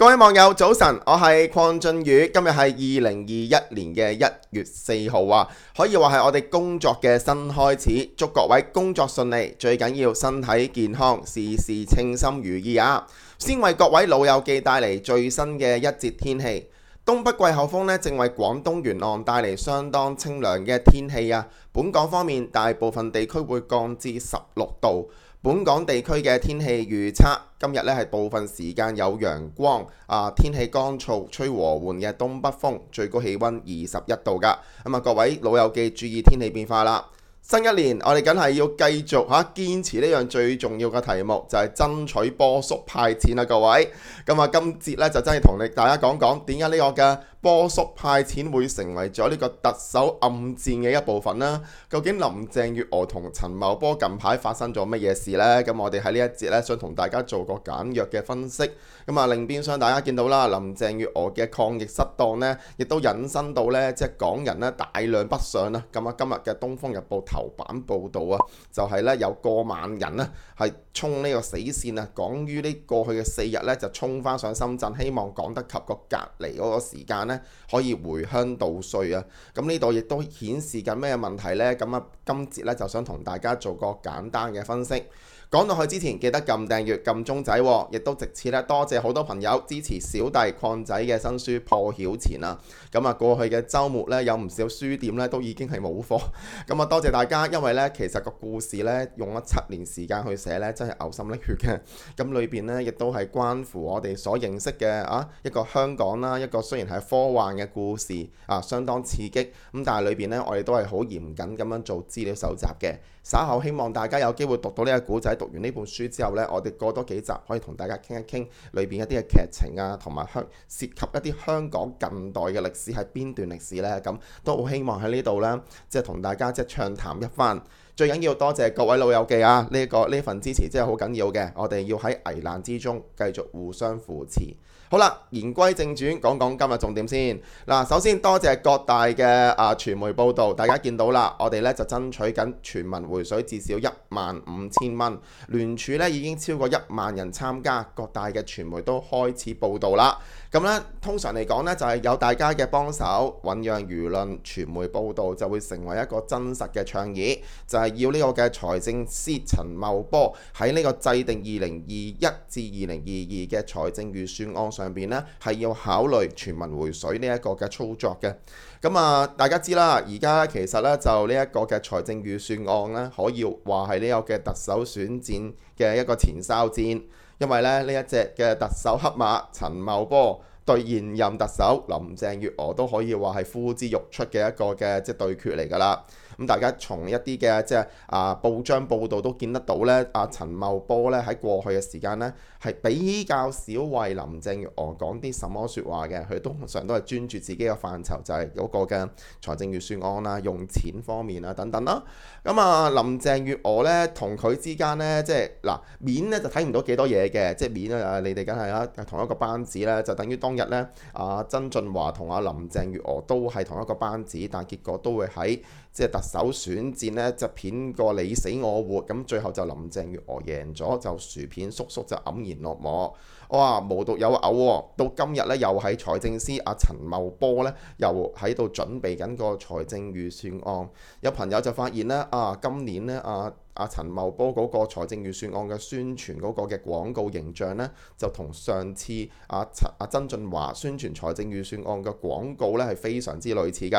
各位網友早晨，我係鄺俊宇，今日係二零二一年嘅一月四號啊，可以話係我哋工作嘅新開始，祝各位工作順利，最緊要身體健康，事事稱心如意啊！先為各位老友記帶嚟最新嘅一節天氣，東北季候風呢，正為廣東沿岸帶嚟相當清涼嘅天氣啊，本港方面大部分地區會降至十六度。本港地區嘅天氣預測，今日咧係部分時間有陽光，啊，天氣乾燥，吹和緩嘅東北風，最高氣溫二十一度噶。咁啊，各位老友記注意天氣變化啦。新一年，我哋梗係要繼續嚇堅持呢樣最重要嘅題目，就係爭取波叔派錢啦，各位。咁啊，今節咧就真係同你大家講講點解呢個嘅波叔派錢會成為咗呢個特首暗戰嘅一部分啦。究竟林鄭月娥同陳茂波近排發生咗乜嘢事呢？咁我哋喺呢一節咧想同大家做個簡約嘅分析。咁啊，另一邊上大家見到啦，林鄭月娥嘅抗疫失當呢，亦都引申到呢，即係港人呢大量北上啦。咁啊，今日嘅《東方日報》頭版報導啊，就係、是、咧有過萬人咧係衝呢個死線啊，講於呢過去嘅四日咧就衝返上深圳，希望趕得及個隔離嗰個時間咧可以回鄉度歲啊。咁呢度亦都顯示緊咩問題呢？咁啊，今節咧就想同大家做個簡單嘅分析。講到去之前，記得撳訂閱、撳鐘仔，亦都藉此呢，多謝好多朋友支持小弟礦仔嘅新書《破曉前》啦。咁啊，過去嘅週末呢，有唔少書店呢都已經係冇貨。咁啊，多謝大家，因為呢，其實個故事呢，用咗七年時間去寫呢，真係嘔心瀝血嘅。咁裏邊呢，亦都係關乎我哋所認識嘅啊一個香港啦，一個雖然係科幻嘅故事啊，相當刺激。咁但係裏邊呢，我哋都係好嚴謹咁樣做資料搜集嘅。稍後希望大家有機會讀到呢個故仔。讀完呢本書之後呢，我哋過多幾集可以同大家傾一傾裏邊一啲嘅劇情啊，同埋香涉及一啲香港近代嘅歷史係邊段歷史呢？咁都好希望喺呢度呢，即係同大家即係暢談一番。最緊要多謝各位老友記啊，呢、呢個呢份支持真係好緊要嘅，我哋要喺危難之中繼續互相扶持。好啦，言歸正傳，講講今日重點先。嗱，首先多謝各大嘅啊傳媒報導，大家見到啦，我哋咧就爭取緊全民回水至少一萬五千蚊，聯署咧已經超過一萬人參加，各大嘅傳媒都開始報導啦。咁咧，通常嚟講呢，就係、是、有大家嘅幫手，醞釀輿論、傳媒報導，就會成為一個真實嘅倡議。就係、是、要呢個嘅財政司陳茂波喺呢個制定二零二一至二零二二嘅財政預算案。上邊呢係要考慮全民回水呢一個嘅操作嘅，咁啊！大家知啦，而家其實呢就呢一個嘅財政預算案呢，可以話係呢個嘅特首選戰嘅一個前哨戰，因為呢呢一隻嘅特首黑馬陳茂波，對現任特首林鄭月娥都可以話係呼之欲出嘅一個嘅即係對決嚟㗎啦。咁大家從一啲嘅即係啊報章報道都見得到咧，阿、啊、陳茂波咧喺過去嘅時間咧係比較少為林鄭月娥講啲什麼説話嘅，佢通常都係專注自己嘅範疇，就係、是、嗰個嘅財政預算案啦、啊、用錢方面啊等等啦、啊。咁啊，林鄭月娥咧同佢之間咧即係嗱面咧就睇唔到幾多嘢嘅，即係、啊、面，呢即面啊你哋梗係啊同一個班子啦，就等於當。日咧，阿曾俊華同阿林鄭月娥都係同一個班子，但結果都會喺即係特首選戰呢就片個你死我活，咁最後就林鄭月娥贏咗，就薯片叔叔就黯然落幕。哇，無毒有偶喎、哦！到今日咧，又喺財政司阿、啊、陳茂波咧，又喺度準備緊個財政預算案。有朋友就發現咧，啊，今年咧，阿、啊、阿、啊、陳茂波嗰個財政預算案嘅宣傳嗰個嘅廣告形象咧，就同上次阿、啊、陳阿、啊、曾俊華宣傳財政預算案嘅廣告咧，係非常之類似噶。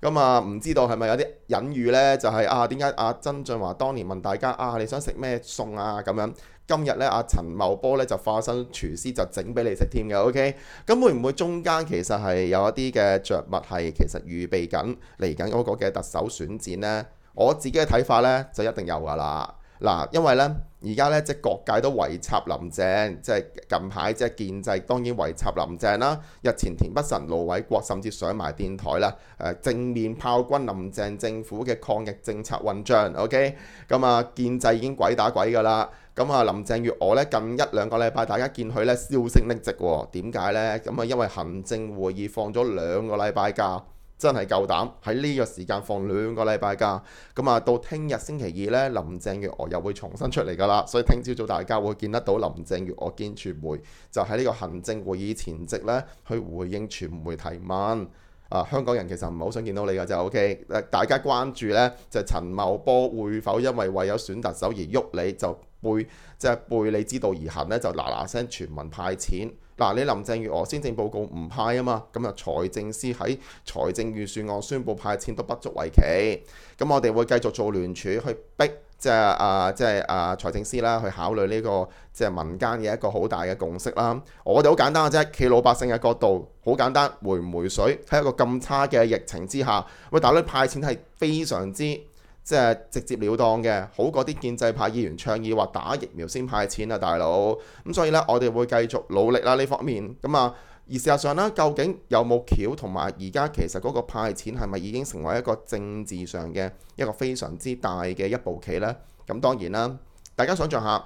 咁、嗯、啊，唔知道係咪有啲隱喻咧？就係、是、啊，點解阿曾俊華當年問大家啊，你想食咩餸啊？咁樣。今日咧，阿陳茂波咧就化身廚師就，就整俾你食添嘅，OK？咁、嗯、會唔會中間其實係有一啲嘅着物係其實預備緊嚟緊嗰個嘅特首選戰呢？我自己嘅睇法呢，就一定有噶啦。嗱，因為呢，而家呢，即係各界都圍插林鄭，即係近排即係建制當然圍插林鄭啦。日前田北辰、盧偉國甚至上埋電台啦，誒正面炮轟林鄭政府嘅抗疫政策混帳。OK，咁啊建制已經鬼打鬼㗎啦。咁啊林鄭月娥呢，近一兩個禮拜大家見佢呢銷聲匿跡喎，點解呢？咁啊因為行政會議放咗兩個禮拜假。真係夠膽喺呢個時間放兩個禮拜假，咁啊到聽日星期二呢，林鄭月娥又會重新出嚟㗎啦，所以聽朝早大家會見得到林鄭月娥見傳媒，就喺呢個行政會議前夕呢，去回應傳媒提問。啊，香港人其實唔係好想見到你㗎，就 OK。大家關注呢，就係、陳茂波會否因為為咗選特首而喐你，就背即係、就係、背你知道而行呢？就嗱嗱聲全民派錢。嗱，你林鄭月娥施政報告唔派啊嘛，咁啊財政司喺財政預算案宣佈派錢都不足為奇。咁我哋會繼續做聯署去逼即係啊即係、就是、啊財政司啦去考慮呢個即係民間嘅一個好大嘅共識啦，我哋好簡單嘅啫，企老百姓嘅角度好簡單，回唔回水？喺一個咁差嘅疫情之下，喂大佬派錢係非常之～即係直接了當嘅，好過啲建制派議員倡議話打疫苗先派錢啊，大佬。咁所以呢，我哋會繼續努力啦、啊、呢方面。咁啊，而事實上咧，究竟有冇橋同埋而家其實嗰個派錢係咪已經成為一個政治上嘅一個非常之大嘅一步棋呢？咁當然啦，大家想象下，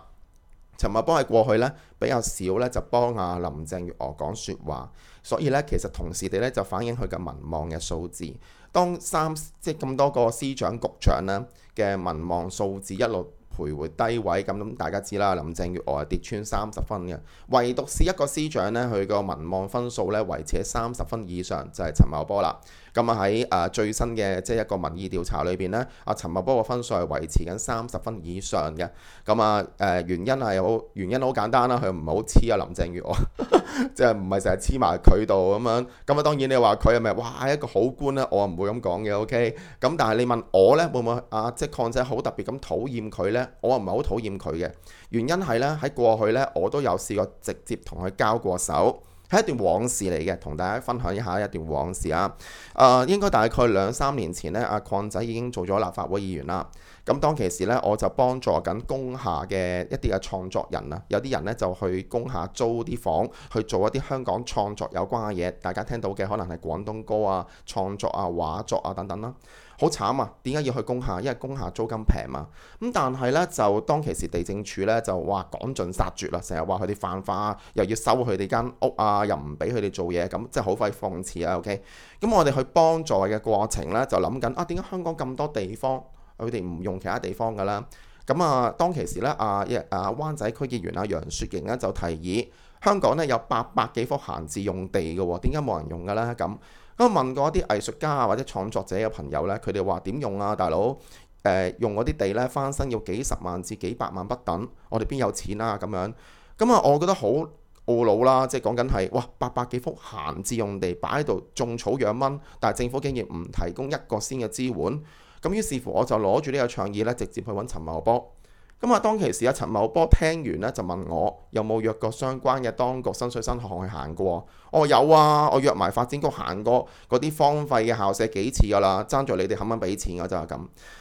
尋日幫佢，過去呢，比較少呢就幫阿林鄭月娥講説話，所以呢，其實同時地呢就反映佢嘅民望嘅數字。當三即咁多個司長局長咧嘅民望數字一路徘徊低位。咁大家知啦，林鄭月娥啊，跌穿三十分嘅，唯獨是一個司長咧，佢個民望分數咧維持喺三十分以上，就係陳茂波啦。咁啊喺誒最新嘅即係一個民意調查裏邊咧，阿陳茂波個分數係維持緊三十分以上嘅。咁啊誒原因係好，原因好簡單啦，佢唔係好黐啊林鄭月娥，呵呵即係唔係成日黐埋佢度咁樣。咁、嗯、啊當然你話佢係咪哇一個好官咧？我唔會咁講嘅，OK。咁但係你問我咧會唔會啊？即係抗姐好特別咁討厭佢咧？我唔係好討厭佢嘅。原因係咧喺過去咧，我都有試過直接同佢交過手。係一段往事嚟嘅，同大家分享一下一段往事啊！誒、呃，應該大概兩三年前呢，阿鄺仔已經做咗立法會議員啦。咁當其時呢，我就幫助緊工廈嘅一啲嘅創作人啊，有啲人呢，就去工廈租啲房去做一啲香港創作有關嘅嘢。大家聽到嘅可能係廣東歌啊、創作啊、畫作啊等等啦、啊。好慘啊！點解要去工廈？因為工廈租金平啊！咁但係呢，就當其時地政署呢，就話趕盡殺絕啦、啊，成日話佢哋犯法，又要收佢哋間屋啊，又唔俾佢哋做嘢，咁即係好快諷刺啦、啊。OK，咁我哋去幫助嘅過程呢，就諗緊啊，點解香港咁多地方佢哋唔用其他地方㗎啦？咁啊，當其時呢，啊，阿灣仔區議員啊，楊雪盈呢，就提議，香港呢，有八百幾幅閒置用地㗎喎、啊，點解冇人用㗎呢？」咁。咁問過一啲藝術家啊或者創作者嘅朋友呢，佢哋話點用啊，大佬誒、呃、用嗰啲地呢，翻身要幾十萬至幾百萬不等，我哋邊有錢啊咁樣。咁、嗯、啊，我覺得好懊惱啦，即係講緊係哇，八百幾幅閒置用地擺喺度種草養蚊，但係政府竟然唔提供一個先嘅支援。咁於是乎我就攞住呢個倡議呢，直接去揾陳茂波。咁啊，當其時啊，陳茂波聽完咧就問我，有冇約過相關嘅當局、新水新學行去行過？我、哦、有啊，我約埋發展局行過嗰啲荒廢嘅校舍幾次噶啦，爭在你哋肯唔肯俾錢，我、就、咋、是。咁。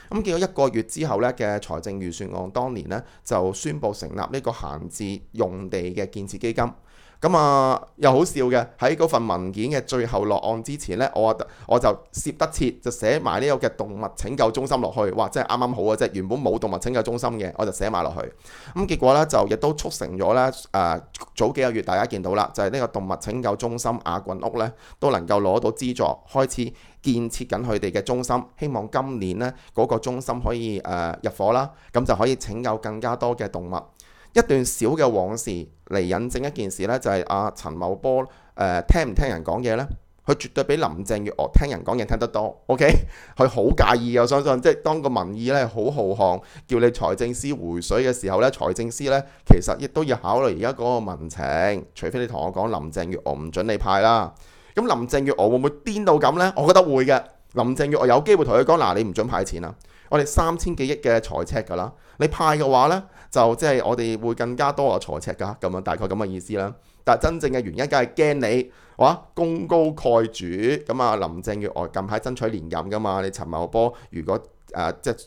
咁見到一個月之後咧嘅財政預算案，當年咧就宣布成立呢個閒置用地嘅建設基金。咁啊、嗯，又好笑嘅喺嗰份文件嘅最後落案之前呢，我我就攝得切就寫埋呢個嘅動物拯救中心落去，哇！真係啱啱好啊，即係原本冇動物拯救中心嘅，我就寫埋落去。咁結果呢，就亦都促成咗呢誒早幾個月大家見到啦，就係呢個動物拯救中心亞郡、呃就是、屋呢，都能夠攞到資助，開始建設緊佢哋嘅中心，希望今年呢，嗰、那個中心可以誒、呃、入伙啦，咁就可以拯救更加多嘅動物。一段小嘅往事。嚟引證一件事呢、啊，就係阿陳茂波誒、呃、聽唔聽人講嘢呢？佢絕對比林鄭月娥聽人講嘢聽得多。OK，佢好介意我相信，即係當個民意呢好浩瀚，叫你財政司回水嘅時候呢，財政司呢其實亦都要考慮而家嗰個民情。除非你同我講林鄭月娥唔准你派啦，咁林鄭月娥會唔會癲到咁呢？我覺得會嘅。林鄭月娥有機會同佢講嗱，你唔准派錢啊！我哋三千幾億嘅財赤㗎啦，你派嘅話呢，就即係我哋會更加多啊財赤㗎，咁樣大概咁嘅意思啦。但係真正嘅原因，梗係驚你，哇，功高蓋主，咁啊林鄭月娥近排爭取連任㗎嘛，你陳茂波如果誒、呃、即係，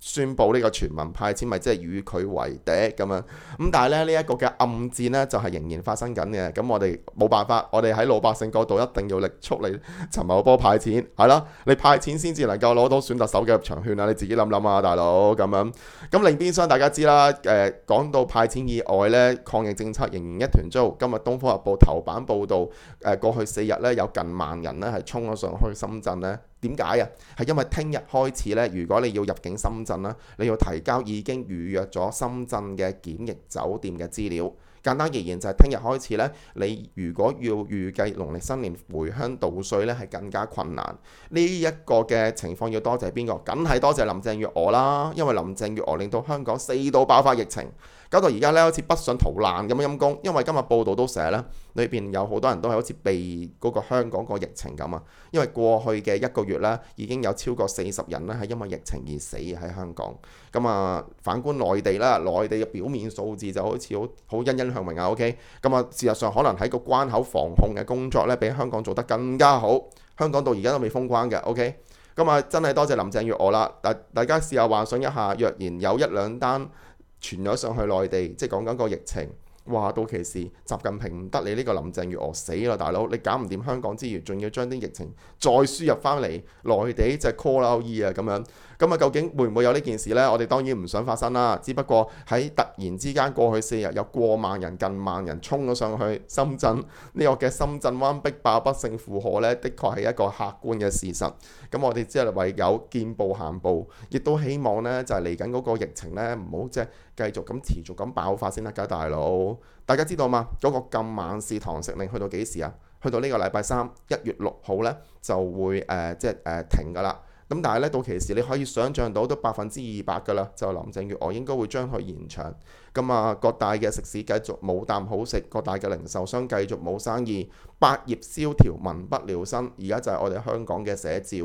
宣佈呢個全民派錢，咪即係與佢為敵咁樣。咁但係咧，呢、這、一個嘅暗戰呢就係、是、仍然發生緊嘅。咁我哋冇辦法，我哋喺老百姓角度一定要力促你陳茂波派錢，係啦，你派錢先至能夠攞到選特首嘅入場券啊！你自己諗諗啊，大佬咁樣。咁另邊廂大家知啦，誒、呃、講到派錢以外呢，抗疫政策仍然一團糟。今日《東方日報》頭版報導，誒、呃、過去四日呢，有近萬人呢係衝咗上去深圳呢。點解啊？係因為聽日開始咧，如果你要入境深圳啦，你要提交已經預約咗深圳嘅檢疫酒店嘅資料。簡單而言，就係聽日開始咧，你如果要預計農曆新年回鄉渡歲咧，係更加困難。呢一個嘅情況要多謝邊個？梗係多謝林鄭月娥啦，因為林鄭月娥令到香港四度爆發疫情。搞到而家咧，好似不想逃難咁樣陰功，因為今日報道都寫啦，裏邊有好多人都係好似避嗰個香港個疫情咁啊。因為過去嘅一個月咧，已經有超過四十人咧係因為疫情而死喺香港。咁、嗯、啊，反觀內地啦，內地嘅表面數字就好似好好欣欣向榮啊。OK，咁、嗯、啊，事實上可能喺個關口防控嘅工作咧，比香港做得更加好。香港到而家都未封關嘅。OK，咁、嗯、啊，真係多謝林鄭月娥啦。大大家試下幻想一下，若然有一兩單。傳咗上去內地，即係講緊個疫情，話到其時習近平唔得，你呢個林鄭月娥死啦，大佬你搞唔掂香港之餘，仲要將啲疫情再輸入翻嚟內地，就 call out you 啊咁樣。咁啊，究竟會唔會有呢件事呢？我哋當然唔想發生啦。只不過喺突然之間過去四日，有過萬人、近萬人衝咗上去深圳呢個嘅深圳灣，逼爆不勝負荷呢，的確係一個客觀嘅事實。咁我哋只係唯有見步行步，亦都希望呢就係嚟緊嗰個疫情呢，唔好即係繼續咁持續咁爆發先得㗎，大佬。大家知道嘛？嗰、嗰個禁晚市堂食令去到幾時啊？去到呢個禮拜三一月六號呢，就會誒即係誒停㗎啦。咁但係咧，到期時你可以想像到都百分之二百㗎啦，就林鄭月娥應該會將佢延長。咁啊，各大嘅食肆繼續冇啖好食，各大嘅零售商繼續冇生意，百業蕭條，民不聊生。而家就係我哋香港嘅寫照。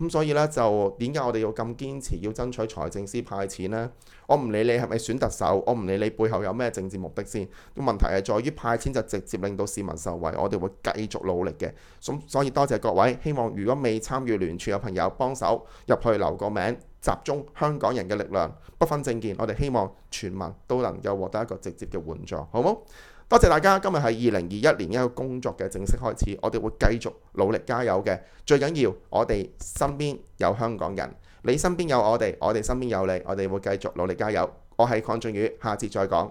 咁所以呢，就點解我哋要咁堅持要爭取財政司派錢呢？我唔理你係咪選特首，我唔理你背後有咩政治目的先。咁問題係在於派錢就直接令到市民受惠，我哋會繼續努力嘅。咁所以多謝各位，希望如果未參與聯署嘅朋友幫手入去留個名。集中香港人嘅力量，不分政見，我哋希望全民都能夠獲得一個直接嘅援助，好唔好？多謝大家，今日係二零二一年一個工作嘅正式開始，我哋會繼續努力加油嘅。最緊要我哋身邊有香港人，你身邊有我哋，我哋身邊有你，我哋會繼續努力加油。我係鄺俊宇，下次再講。